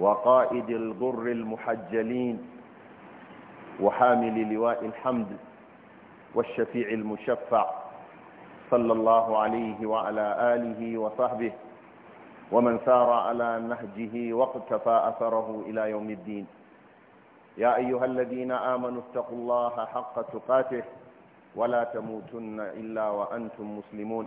وقائد الغر المحجلين وحامل لواء الحمد والشفيع المشفع صلى الله عليه وعلى آله وصحبه ومن سار على نهجه واقتفى أثره إلى يوم الدين يا أيها الذين آمنوا اتقوا الله حق تقاته ولا تموتن إلا وأنتم مسلمون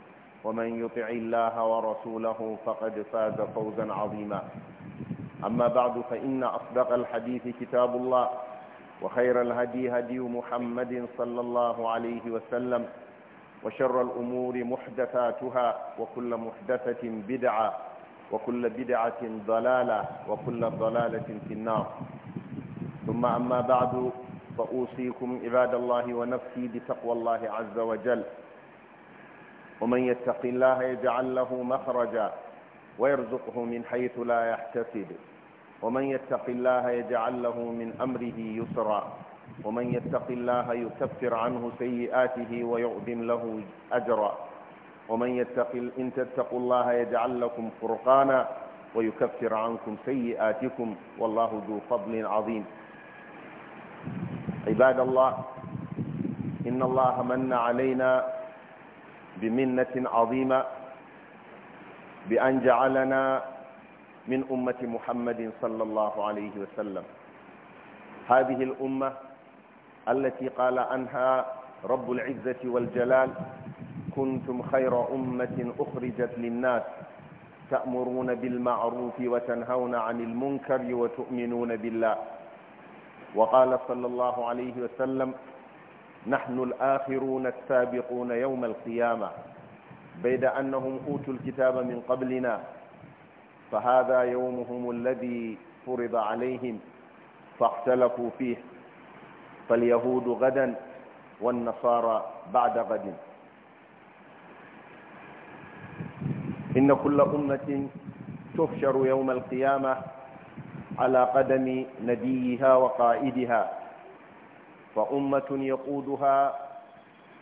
ومن يطع الله ورسوله فقد فاز فوزا عظيما أما بعد فإن أصدق الحديث كتاب الله وخير الهدي هدي محمد صلى الله عليه وسلم وشر الأمور محدثاتها وكل محدثة بدعة وكل بدعة ضلالة وكل ضلالة في النار ثم أما بعد فأوصيكم عباد الله ونفسي بتقوى الله عز وجل ومن يتق الله يجعل له مخرجا ويرزقه من حيث لا يحتسب ومن يتق الله يجعل له من أمره يسرا ومن يتق الله يكفر عنه سيئاته ويعظم له أجرا ومن يتق إن تتقوا الله يجعل لكم فرقانا ويكفر عنكم سيئاتكم والله ذو فضل عظيم عباد الله إن الله من علينا بمنة عظيمة بأن جعلنا من أمة محمد صلى الله عليه وسلم هذه الأمة التي قال عنها رب العزة والجلال كنتم خير أمة أخرجت للناس تأمرون بالمعروف وتنهون عن المنكر وتؤمنون بالله وقال صلى الله عليه وسلم نحن الآخرون السابقون يوم القيامة بيد أنهم أوتوا الكتاب من قبلنا فهذا يومهم الذي فرض عليهم فاختلفوا فيه فاليهود غدا والنصارى بعد غد إن كل أمة تحشر يوم القيامة على قدم نبيها وقائدها فأمة يقودها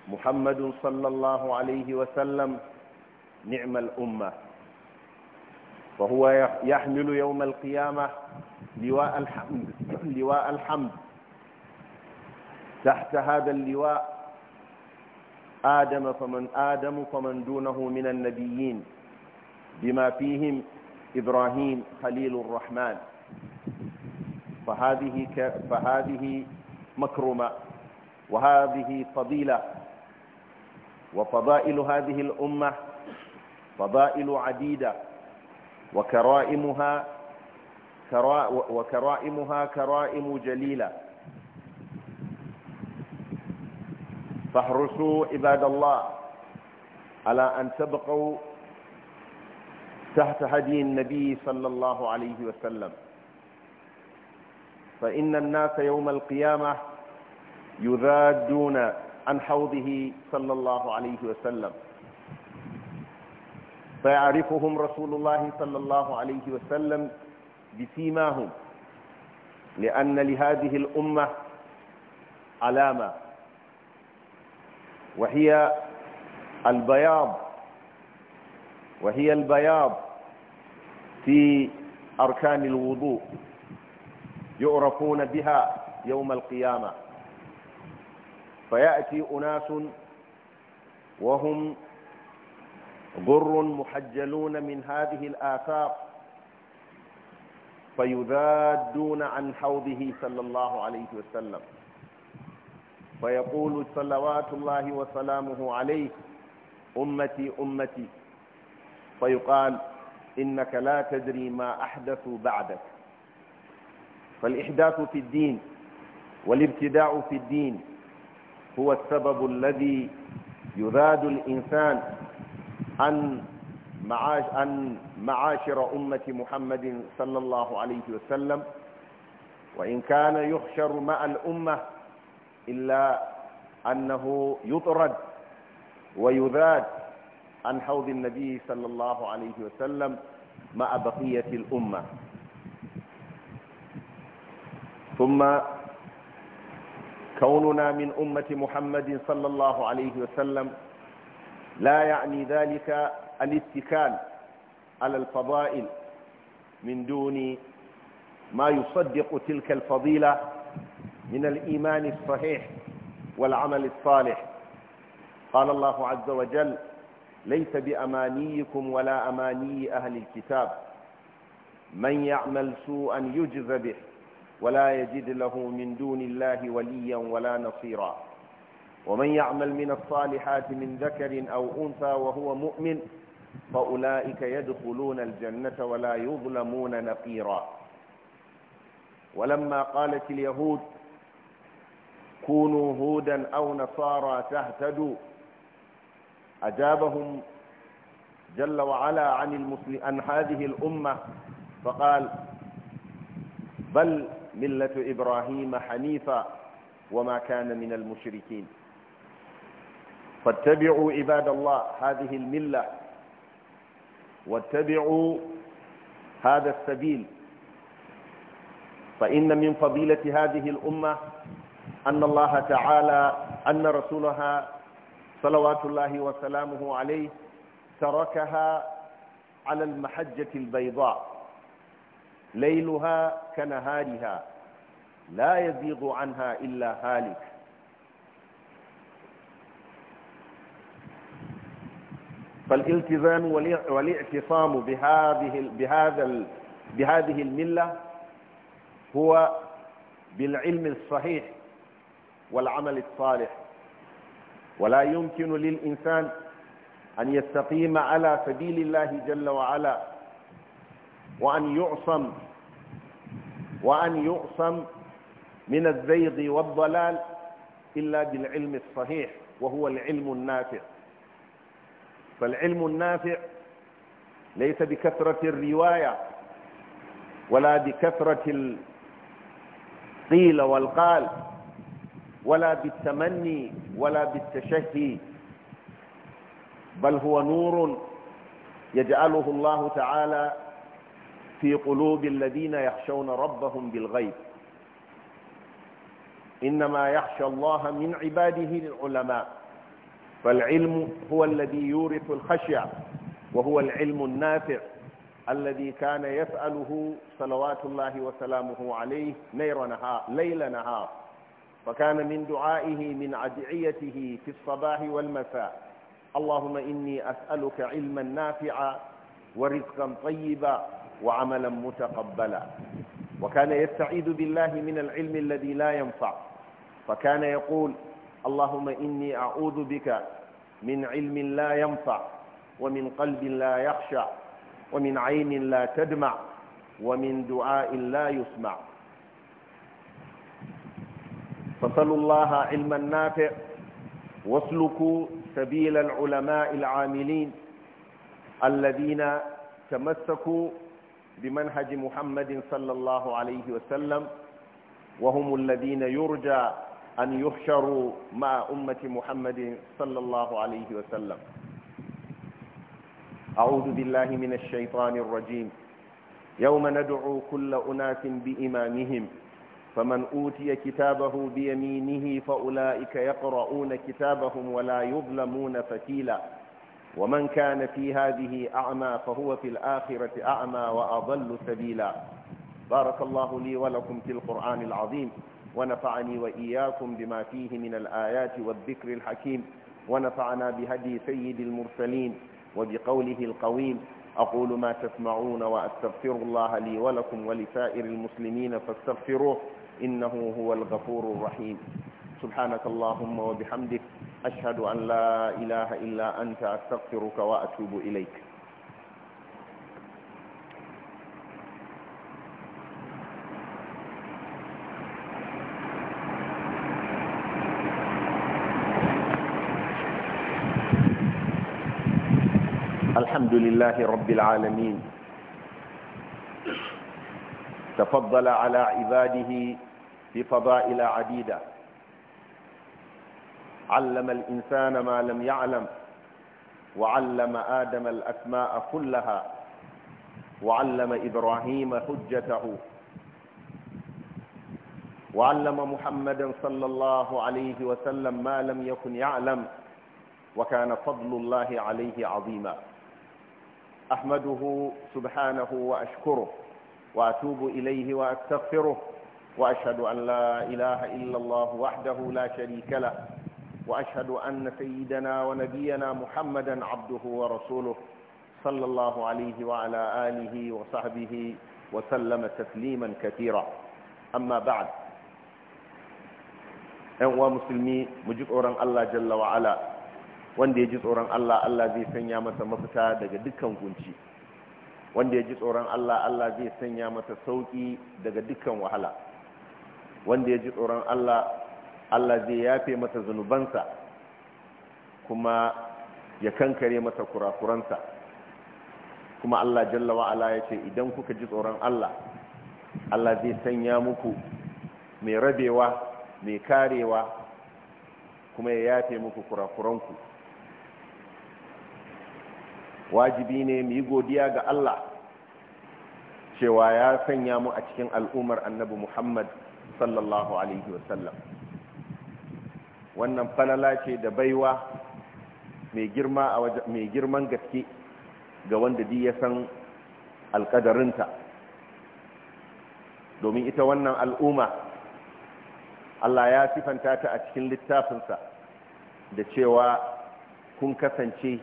محمد صلى الله عليه وسلم نعم الأمة وهو يحمل يوم القيامة لواء الحمد لواء الحمد تحت هذا اللواء آدم فمن آدم فمن دونه من النبيين بما فيهم إبراهيم خليل الرحمن فهذه, ك... فهذه مكرما وهذه فضيلة وفضائل هذه الأمة فضائل عديدة وكرائمها وكرائمها كرائم جليلة فاحرصوا عباد الله على أن تبقوا تحت هدي النبي صلى الله عليه وسلم فإن الناس يوم القيامة يذادون عن حوضه صلى الله عليه وسلم فيعرفهم رسول الله صلى الله عليه وسلم بسيماهم لأن لهذه الأمة علامة وهي البياض وهي البياض في أركان الوضوء يعرفون بها يوم القيامة فيأتي أناس وهم غر محجلون من هذه الآثار فيذادون عن حوضه صلى الله عليه وسلم فيقول صلوات الله وسلامه عليه أمتي أمتي فيقال إنك لا تدري ما أحدث بعدك فالإحداث في الدين والابتداع في الدين هو السبب الذي يراد الإنسان أن عن معاشر أمة محمد صلى الله عليه وسلم وإن كان يحشر مع الأمة إلا أنه يطرد ويذاد عن حوض النبي صلى الله عليه وسلم مع بقية الأمة ثم كوننا من أمة محمد صلى الله عليه وسلم لا يعني ذلك الاتكال على الفضائل من دون ما يصدق تلك الفضيلة من الإيمان الصحيح والعمل الصالح قال الله عز وجل ليس بأمانيكم ولا أماني أهل الكتاب من يعمل سوءا يجز به ولا يجد له من دون الله وليا ولا نصيرا ومن يعمل من الصالحات من ذكر أو أنثى وهو مؤمن فأولئك يدخلون الجنة ولا يظلمون نقيرا ولما قالت اليهود كونوا هودا أو نصارى تهتدوا أجابهم جل وعلا عن, عن هذه الأمة فقال بل ملة إبراهيم حنيفا وما كان من المشركين فاتبعوا عباد الله هذه الملة واتبعوا هذا السبيل فإن من فضيلة هذه الأمة أن الله تعالى أن رسولها صلوات الله وسلامه عليه تركها على المحجة البيضاء ليلها كنهارها لا يزيغ عنها إلا هالك فالالتزام والاعتصام بهذه بهذا بهذه الملة هو بالعلم الصحيح والعمل الصالح ولا يمكن للإنسان أن يستقيم على سبيل الله جل وعلا وأن يعصم وأن يعصم من الزيغ والضلال إلا بالعلم الصحيح وهو العلم النافع فالعلم النافع ليس بكثرة الرواية ولا بكثرة القيل والقال ولا بالتمني ولا بالتشهي بل هو نور يجعله الله تعالى في قلوب الذين يخشون ربهم بالغيب إنما يخشى الله من عباده العلماء فالعلم هو الذي يورث الخشية وهو العلم النافع الذي كان يسأله صلوات الله وسلامه عليه نير نهار ليل نهار فكان من دعائه من أدعيته في الصباح والمساء اللهم إني أسألك علما نافعا ورزقا طيبا وعملا متقبلا وكان يستعيذ بالله من العلم الذي لا ينفع فكان يقول اللهم إني أعوذ بك من علم لا ينفع ومن قلب لا يخشع ومن عين لا تدمع ومن دعاء لا يسمع فصلوا الله علما نافع واسلكوا سبيل العلماء العاملين الذين تمسكوا بمنهج محمد صلى الله عليه وسلم وهم الذين يرجى أن يحشروا مع أمة محمد صلى الله عليه وسلم أعوذ بالله من الشيطان الرجيم يوم ندعو كل أناس بإمامهم فمن أوتي كتابه بيمينه فأولئك يقرؤون كتابهم ولا يظلمون فتيلاً ومن كان في هذه أعمى فهو في الآخرة أعمى وأضل سبيلا بارك الله لي ولكم في القرآن العظيم ونفعني وإياكم بما فيه من الآيات والذكر الحكيم ونفعنا بهدي سيد المرسلين وبقوله القويم أقول ما تسمعون وأستغفر الله لي ولكم ولسائر المسلمين فاستغفروه إنه هو الغفور الرحيم سبحانك اللهم وبحمدك أشهد أن لا إله إلا أنت أستغفرك وأتوب إليك الحمد لله رب العالمين تفضل على عباده بفضائل عديده علم الإنسان ما لم يعلم وعلم آدم الأسماء كلها وعلم إبراهيم حجته وعلم محمدا صلى الله عليه وسلم ما لم يكن يعلم وكان فضل الله عليه عظيما أحمده سبحانه وأشكره وأتوب إليه وأستغفره وأشهد أن لا إله إلا الله وحده لا شريك له وأشهد أن سيدنا ونبينا محمدا عبده ورسوله صلى الله عليه وعلى آله وصحبه وسلم تسليما كثيرا أما بعد أنواع مسلمي مجد أوران الله جل وعلا wanda ya ji tsoron Allah Allah zai sanya masa mafita daga dukkan kunci wanda ya ji tsoron Allah Allah zai sanya masa sauki daga dukkan wahala wanda ya ji tsoron Allah Allah zai yafe masa zunubansa kuma ya kankare masa kurakuransa kuma Allah jalla wa'ala ya ce idan kuka ji tsoron Allah Allah zai sanya muku mai rabewa mai karewa kuma ya yafe muku kurakuranku wajibi ne mu yi godiya ga Allah cewa ya sanya mu a cikin al'ummar annabi Muhammad sallallahu alaihi wasallam wannan falala ce da baiwa mai girman gaske ga wanda di ya san alkadarinta domin ita wannan al'umma Allah ya sifanta ta a cikin littafinsa da cewa kun kasance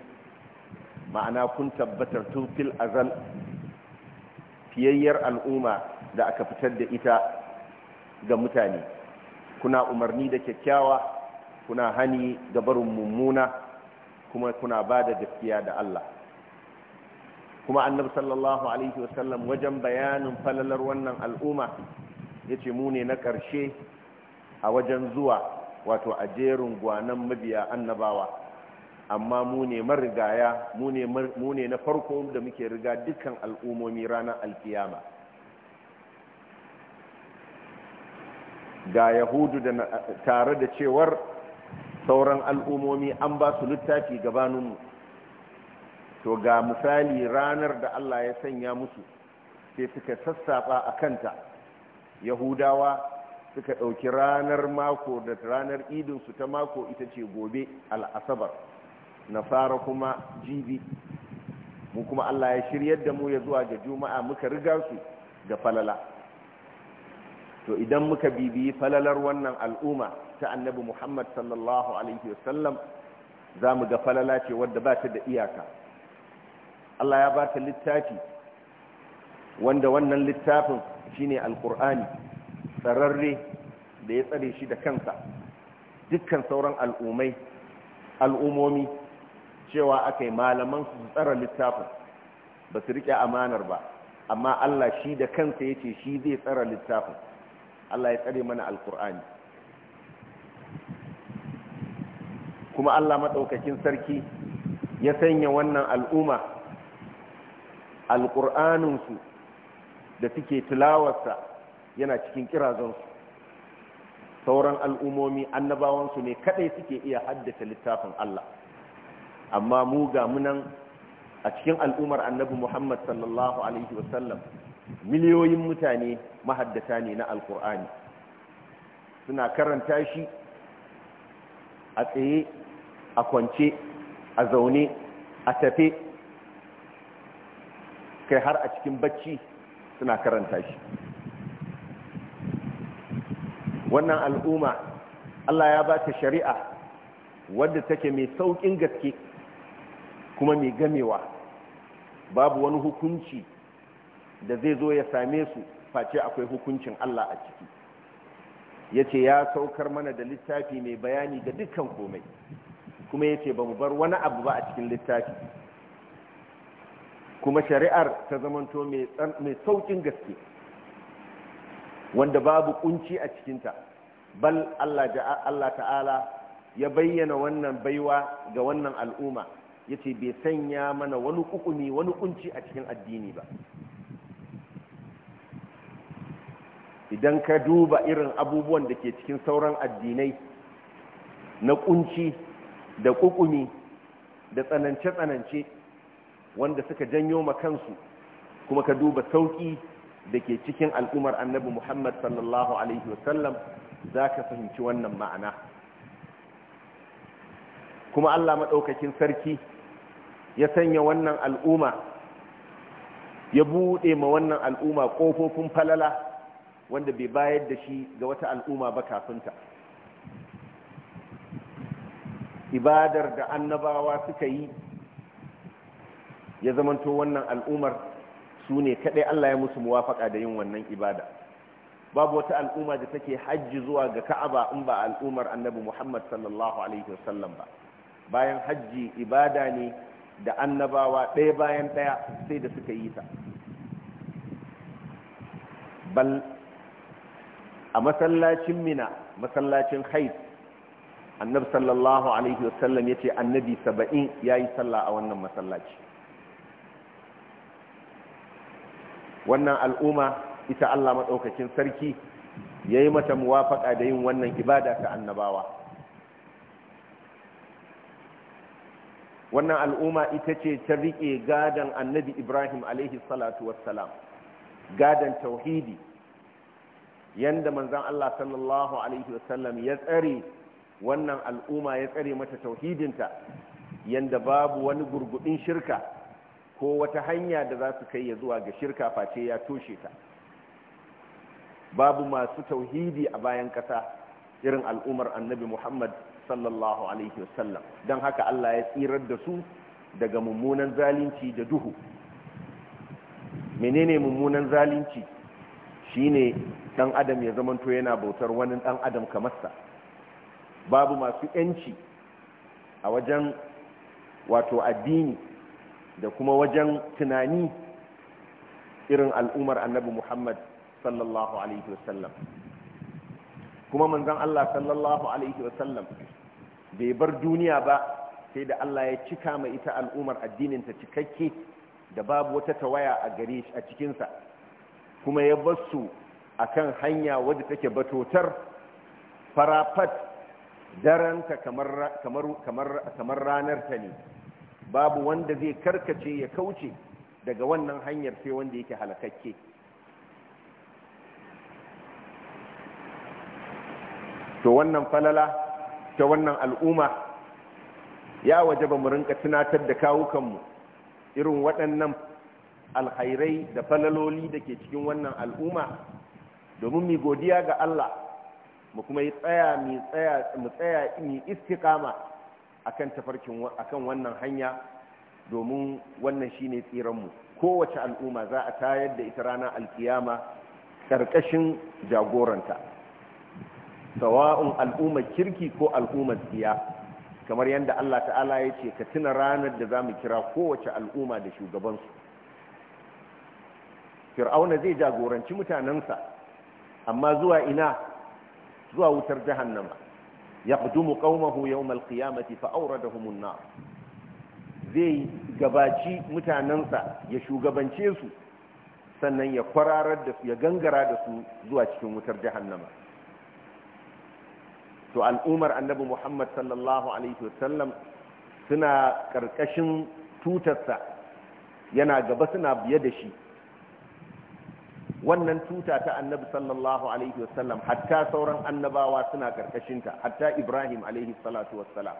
ma'ana kun tabbatar tun fil azal fiyayyar al'umma da aka fitar da ita ga mutane kuna umarni da kyakkyawa kuna hani ga barin mummuna kuma kuna ba da gaskiya da Allah kuma annabi sallallahu alaihi wasallam wajen bayanin falalar wannan al'umma ya ce mu ne na ƙarshe a wajen zuwa wato a jerin gwanan mabiya annabawa amma mu ne marigaya mu ne na farko da muke riga dukkan al'umomi ranar alkiyama ga yahudu da tare da cewar sauran al'ummomi an ba su littafi gabaninmu to ga misali ranar da Allah ya sanya musu sai suka sassafa a kanta yahudawa suka ɗauki ranar mako da ranar idinsu ta mako ita ce gobe al'asabar na fara kuma jibi mu kuma Allah ya shiryar da mu ya zuwa ga juma'a muka riga su da falala to idan muka bibiyi falalar wannan al'umma ta annabi Muhammad sallallahu alaihi wasallam za mu ga falala ce wadda ba ta da iyaka Allah ya ba ta littafi wanda wannan littafin shine alkur'ani tsararre da ya tsare shi da kansa dukkan sauran al'ummai al'umomi cewa aka yi malaman su tsara littafin ba su riƙe amanar ba amma Allah shi da kansa ya ce shi zai tsara littafin Allah ya tsare mana alkur'ani kuma Allah maɗaukakin sarki ya sanya wannan al'umma alkur'aninsu da suke tilawarsa yana cikin kirazonsu sauran al'umomi annabawansu ne kadai suke iya haddace littafin Allah amma mu ga munan a cikin al'umar annabi Muhammad sallallahu alaihi wasallam miliyoyin mutane mahaddata ne na alkur'ani suna karanta shi a tsaye a kwance a zaune a tafe kai har a cikin bacci suna karanta shi wannan al'umma Allah ya ba ta shari'a wadda take mai saukin gaske kuma mai gamewa babu wani hukunci da zai zo ya same su face akwai hukuncin Allah a ciki ya ce ya saukar mana da littafi mai bayani ga dukkan komai kuma ya ce ba bar wani abu ba a cikin littafi kuma shari'ar ta zamanto mai saukin gaske wanda babu kunci a cikinta bal Allah ta'ala ya bayyana wannan baiwa ga wannan al'umma ya ce bai sanya mana wani kukumi wani kunci a cikin addini ba idan ka duba irin abubuwan da ke cikin sauran addinai na kunci da kukumi da tsanance-tsanance wanda suka janyo makansu kuma ka duba sauki da ke cikin al'umar annabi Muhammad sallallahu Alaihi wasallam za ka fahimci wannan ma'ana kuma Allah maɗaukakin sarki ya sanya wannan al'umma ya buɗe ma wannan al'umma ƙofofin falala wanda bai bayar da shi ga wata al'umma ba kafinta ibadar da annabawa suka yi ya zamanto wannan al'ummar su ne kaɗai Allah ya musu muwafaka da yin wannan ibada babu wata al'umma da take hajji zuwa ga ka'aba in ba al'ummar annabi muhammad sallallahu alaihi wasallam ba bayan hajji ibada ne da annabawa ɗaya bayan ɗaya sai da suka yi ta bal a masallacin mina masallacin haif annab sallallahu alaihi wasallam ya ce annabi saba'in ya yi sallah a wannan masallaci wannan al'umma ita allah maɗaukakin sarki ya yi mata muwafaƙa da yin wannan ibada ta annabawa wannan al'umma ita ce ta riƙe gadon annabi ibrahim alaihi salatu wassalam gadon tauhidi yanda manzon Allah sallallahu alaihi wasallam ya tsare wannan al'umma ya tsare mata tauhidinta yanda babu wani gurgudin shirka ko wata hanya da za su kai ya zuwa ga shirka face ya toshe ta babu masu tauhidi a bayan ƙasa irin al'ummar annabi Muhammad sallallahu alaihi wasallam don haka Allah ya tsirar da su daga mummunan zalunci da duhu menene mummunan zalunci Shi ne ɗan adam ya zamanto yana bautar wani ɗan adam kamarsa babu masu yanci a wajen wato addini da kuma wajen tunani irin al'umar annabi muhammad sallallahu alaihi wasallam kuma manzon allah sallallahu alaihi wasallam bai bar duniya ba sai da allah ya cika ma ita al'umar addininta cikakke da babu wata tawaya a gare a cikinsa kuma ya basu kan hanya wadda take batotar farafat daranta kamar kamar ranar ta ne babu wanda zai karkace ya kauce daga wannan hanyar sai wanda yake halakakke to wannan falala ta wannan al'umma ya waje ba mu rinka tunatar da kawukanmu irin waɗannan alkhairai da falaloli da ke cikin wannan al'umma domin mu godiya ga Allah mu kuma yi tsaya mu tsaya mu istiqama akan tafarkin akan wannan hanya domin wannan shine tsiran mu kowace al'umma za a tayar da ita ranar alkiyama karkashin jagoranta sawa'un al'ummar kirki ko al'ummar tsiya kamar yadda Allah ta'ala ya ce ka tuna ranar da za mu kira kowace al'umma da shugabansu fir'auna zai jagoranci mutanensa amma zuwa ina zuwa wutar jahannama yaqdumu qaumahu yawm yau fa awradahum da nar zai gabaci mutanensa ya shugabance su sannan ya kwararar da su ya gangara da su zuwa cikin wutar jahannama to al'umar annabi Muhammad sallallahu alaihi wasallam suna karkashin tutarsa yana gaba suna biye da shi wannan tuta ta annabi sallallahu alaihi wasallam hatta sauran annabawa suna karkashinta hatta ibrahim alaihi salatu wassalam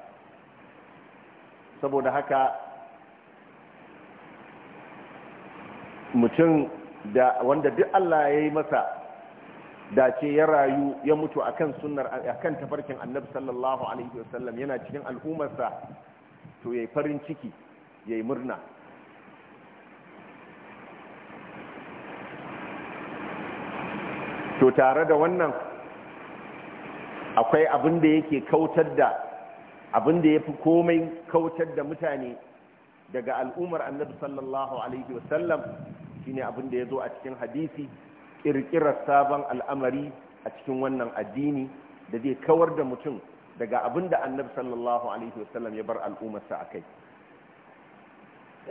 saboda haka mutum da wanda duk Allah ya yi masa dace ya rayu ya mutu akan sunnar kan tafarkin annabi sallallahu alaihi wasallam yana cikin al'ummarsa to yayi farin ciki yayi murna to tare da wannan akwai abin da yake kautar da abin da ya fi komai kautar da mutane daga al'ummar annabi sallallahu alaihi wasallam shine abin da ya zo a cikin hadisi ƙirƙirar sabon al'amari a cikin wannan addini da zai kawar da mutum daga abin da annabi sallallahu alaihi wasallam ya bar al'ummarsa a kai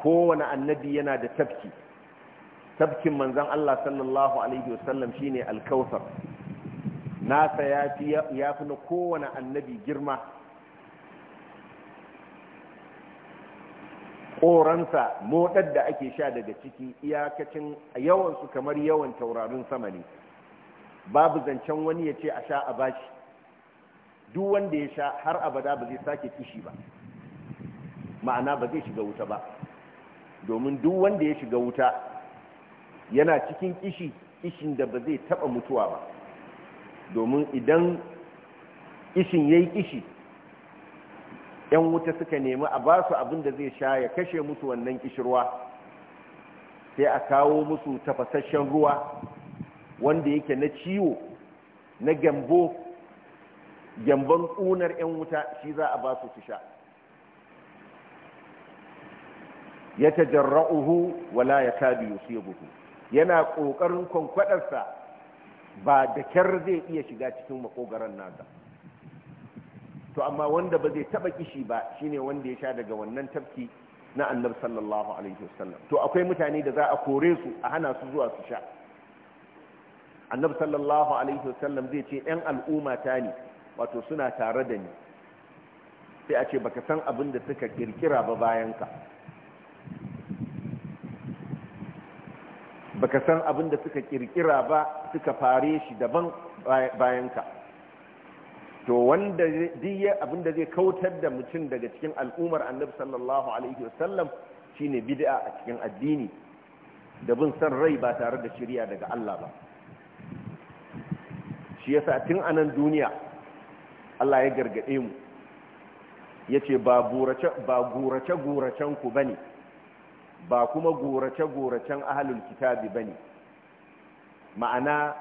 kowane annabi yana da tafki tafkin manzan Allah sallallahu alaihi wasallam shine alkawthar nasa ya fi na kowane annabi girma ƙoransa motar da ake sha daga ciki iyakacin yawansu kamar yawan taurarin sama ne babu zancen wani ya ce a sha a bashi duk wanda ya sha har abada ba zai sake kishi ba ma'ana ba zai shiga wuta ba domin duk wanda ya shiga wuta yana cikin kishi kishin da ba zai taɓa mutuwa ba domin idan kishin yi kishi yan wuta suka nemi a ba su abin da zai sha ya kashe musu wannan kishirwa sai a kawo musu tafasasshen ruwa wanda yake na ciwo na gambo gamban ƙunar 'yan wuta shi za a ba su su ya tajarra'uhu wala ya kabi yusibuhu yana ƙoƙarin kwankwaɗarsa ba da kyar zai iya shiga cikin makogaran nasa to amma wanda ba zai taɓa kishi ba shine wanda ya sha daga wannan tafki na annab sallallahu alaihi wasallam to akwai mutane da za a kore su a hana su zuwa su sha annab sallallahu alaihi wasallam zai ce ɗan al'umma ta ne wato suna tare da ni sai a ce baka san abin da suka kirkira ba bayanka baka san abin da suka kirkira ba suka fare shi daban bayan ka to wanda diya abin da zai kautar da mutum daga cikin al'umar annabi sallallahu alaihi wasallam shine bid'a a cikin addini da bin san rai ba tare da shirya daga Allah ba shi yasa tun anan duniya Allah ya gargade mu yace ba gurace ba gurace guracen ku bane ba kuma gorace-goracen ahalin kitabi ba ne ma'ana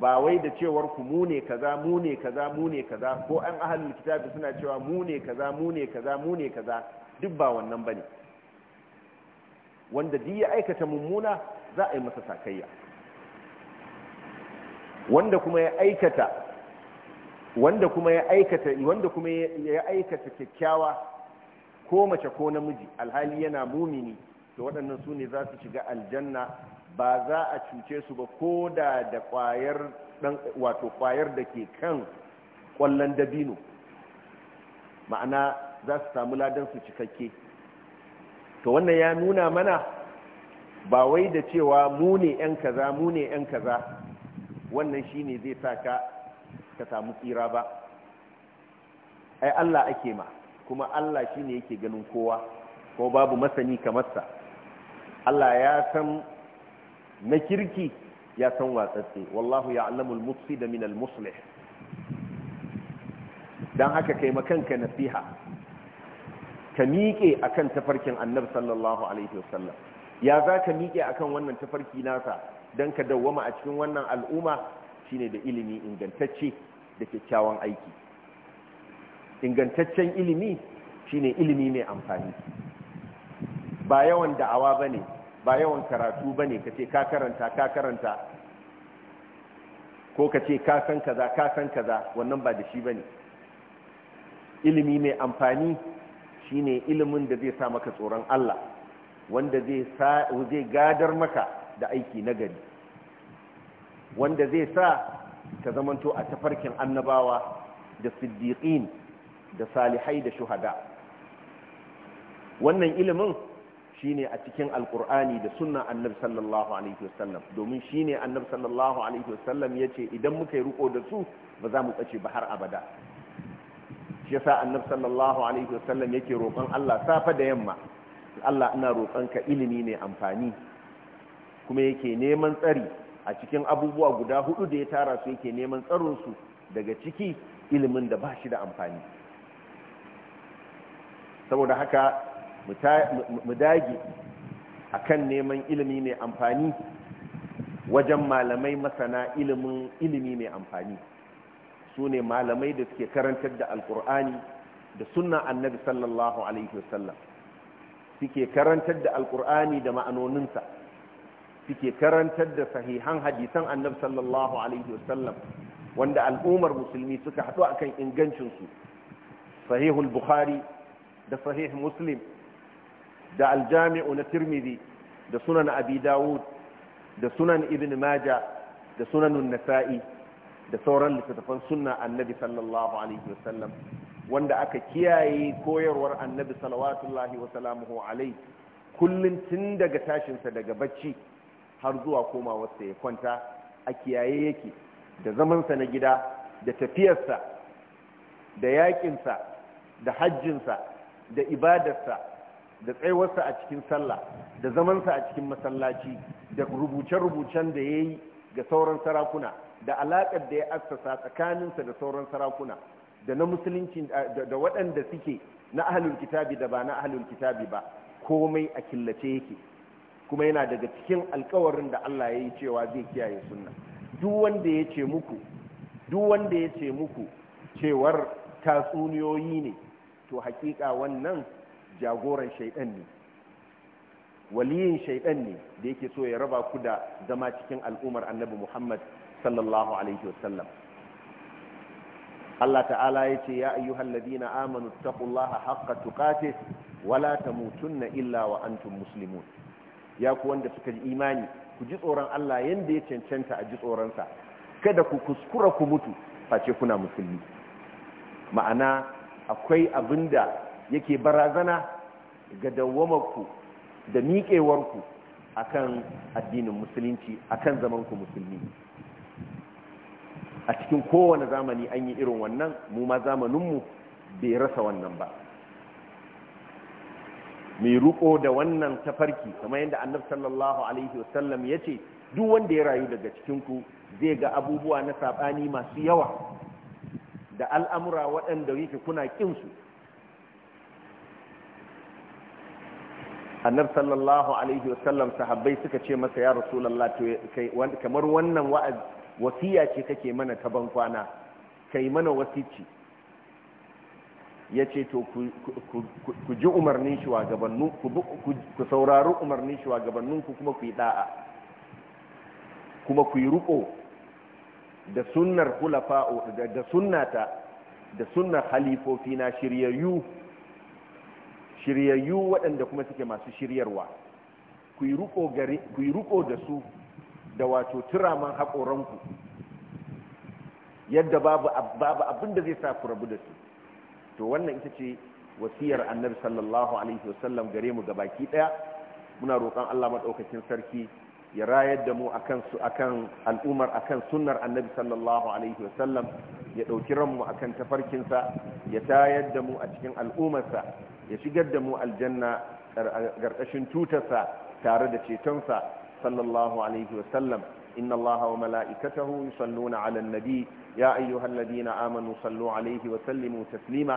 ba wai da cewar ku mu ne kaza mu ne kaza mu ne kaza ko an ahalin kitabi suna cewa mu ne kaza mu ne kaza mu ne kaza duk ba wannan ba ne wanda duk ya aikata mummuna za a yi masa sakayya wanda kuma ya aikata wanda kuma ya aikata wanda kuma ya aikata kyakkyawa ko mace ko namiji alhali yana mumini to waɗannan su ne za su shiga aljanna ba za a cuce su ba ko da da ƙwayar wato ƙwayar da ke kan ƙwallon dabino ma'ana za su samu ladan su cikakke to wannan ya nuna mana ba wai da cewa mu ne 'yan kaza mu ne 'yan kaza wannan shi ne zai sa ka ka samu tsira ba ai Allah ake ma kuma Allah shi ne yake ganin kowa ko babu masani kamar sa Allah ya san na kirki ya san watsatse wallahu ya'lamul mufsida min al-muslih dan haka kai makanka nasiha ka miƙe akan tafarkin annabi sallallahu alaihi wasallam ya za ka miƙe akan wannan tafarki nasa dan ka dawwama a cikin wannan al'umma shine da ilimi ingantacce da kyakkyawan aiki ingantaccen ilimi shine ilimi mai amfani ba yawan da'awa ba ne ba yawan karatu ba ne ka ce ka karanta ka karanta ko ka ce ka san kaza ka san kaza wannan ba da shi ba ne ilimi mai amfani shine ilimin da zai sa maka tsoron Allah wanda zai gadar maka da aiki na gari wanda zai sa ka zamanto a tafarkin annabawa da siddiqin da salihai da shuhada wannan ilimin shine a cikin alkur'ani da sunna annabi sallallahu alaihi wasallam domin shine annabi sallallahu alaihi wasallam yace idan muka yi ruko da su ba za mu tsace ba har abada shi yasa annabi sallallahu alaihi wasallam yake roƙon Allah safa da yamma Allah ina roƙon ka ilimi ne amfani kuma yake neman tsari a cikin abubuwa guda hudu da ya tara su yake neman tsaron su daga ciki ilimin da ba shi da amfani saboda haka mu dage a kan neman ilimi mai amfani wajen malamai masana ilimin ilimi mai amfani su ne malamai da suke karantar da alkur'ani da sunna annabi sallallahu alaihi wasallam suke karantar da alkur'ani da ma'anoninsa suke karantar da sahihan hadisan annabi sallallahu alaihi wasallam wanda al'ummar musulmi suka haɗu kan ingancinsu sahihul bukhari da sahih muslim da aljami'u na tirmidhi da sunan abi dawud da sunan ibn maja da sunanun nasa'i da sauran littattafan sunna annabi sallallahu alaihi wasallam wanda aka kiyaye koyarwar annabi salawatullahi wa salamuhu alaihi kullun tun daga tashinsa daga bacci har zuwa komawarsa ya kwanta a kiyaye yake da zamansa na gida da tafiyarsa da yaƙinsa da hajjinsa da ibadarsa da tsayuwarsa a cikin sallah da zamansa a cikin masallaci da rubuce-rubucen da ya yi ga sauran sarakuna da alaƙar da ya assasa tsakaninsa da sauran sarakuna da na musulunci da waɗanda suke na ahalul kitabi da ba na ahalul kitabi ba komai a killace yake kuma yana daga cikin alkawarin da Allah ya yi cewa zai kiyaye sunna duk wanda ya ce muku duk wanda ya ce muku cewar tatsuniyoyi ne to hakika wannan jagoran shaidan ne waliyin shaidan ne da yake so ya raba ku da zama cikin al'umar annabi Muhammad sallallahu alaihi wasallam Allah ta'ala ya ce ya ayyuhal ladina amanu taqullaha haqqa tuqatih wala tamutunna illa wa antum muslimun ya ku wanda suka ji imani ku ji tsoron Allah yanda ya cancanta a ji tsoron sa kada ku kuskura ku mutu face kuna musulmi ma'ana akwai abinda yake barazana ga dawwamarku da miƙewarku akan addinin musulunci akan zamanku musulmi a cikin kowane zamani an yi irin wannan mu ma zamaninmu bai rasa wannan ba mai ruko da wannan tafarki kamar yadda annabi sallallahu alaihi wasallam ya ce duk wanda ya rayu daga cikinku zai ga abubuwa na saɓani masu yawa da al'amura waɗanda yake kuna ƙinsu annab sallallahu alaihi wasallam sahabbai suka ce masa ya kai kamar wannan wa'az wasiya ce kake mana ta ban kwana kai mana wasici ya ce to ku ji umarnin shugabannin ku saurari umarnin shugabannin ku kuma ku yi da'a kuma ku yi ruko da sunnar kulafa'o da sunnata da sunnar halifofi na shiryayyu shiryayyu waɗanda kuma suke masu shiryarwa ku yi ruko da su da wato turaman haƙoranku yadda babu abin da zai sa ku rabu da su to wannan ita ce wasiyar annabi sallallahu alaihi wasallam gare mu ga baki ɗaya muna roƙon allah maɗaukakin sarki يرايد دمو أكن س أكن الأمر أكن سنة النبي صلى الله عليه وسلم يأكرم أكن تفركنسا يتايد دمو أكن الأمر سا يشجد دمو الجنة قرقشن توتسا تارد تشيتنسا صلى الله عليه وسلم إن الله وملائكته يصلون على النبي يا أيها الذين آمنوا صلوا عليه وسلموا تسليما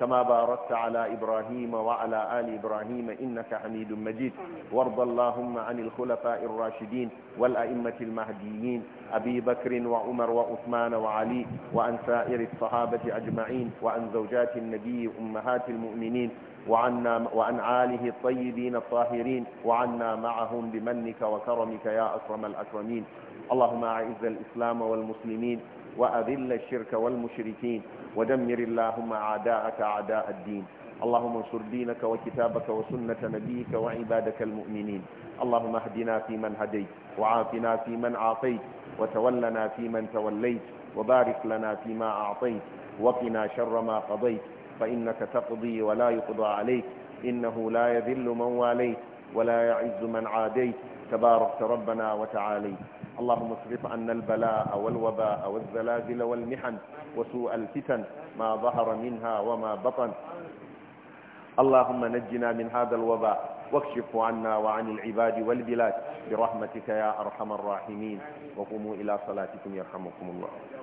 كما باركت على إبراهيم وعلى آل إبراهيم إنك حميد مجيد وارض اللهم عن الخلفاء الراشدين والأئمة المهديين أبي بكر وعمر وعثمان وعلي وعن سائر الصحابة أجمعين وعن زوجات النبي أمهات المؤمنين وعنا وعن آله الطيبين الطاهرين وعنا معهم بمنك وكرمك يا أكرم الأكرمين اللهم أعز الإسلام والمسلمين وأذل الشرك والمشركين ودمر اللهم أعداءك أعداء الدين اللهم انصر دينك وكتابك وسنة نبيك وعبادك المؤمنين اللهم اهدنا فيمن هديت وعافنا فيمن عافيت وتولنا فيمن توليت وبارك لنا فيما أعطيت وقنا شر ما قضيت فإنك تقضي ولا يقضى عليك إنه لا يذل من واليت ولا يعز من عاديت تباركت ربنا وتعاليت اللهم اصرف عنا البلاء والوباء والزلازل والمحن وسوء الفتن ما ظهر منها وما بطن اللهم نجنا من هذا الوباء واكشفه عنا وعن العباد والبلاد برحمتك يا أرحم الراحمين وقوموا إلى صلاتكم يرحمكم الله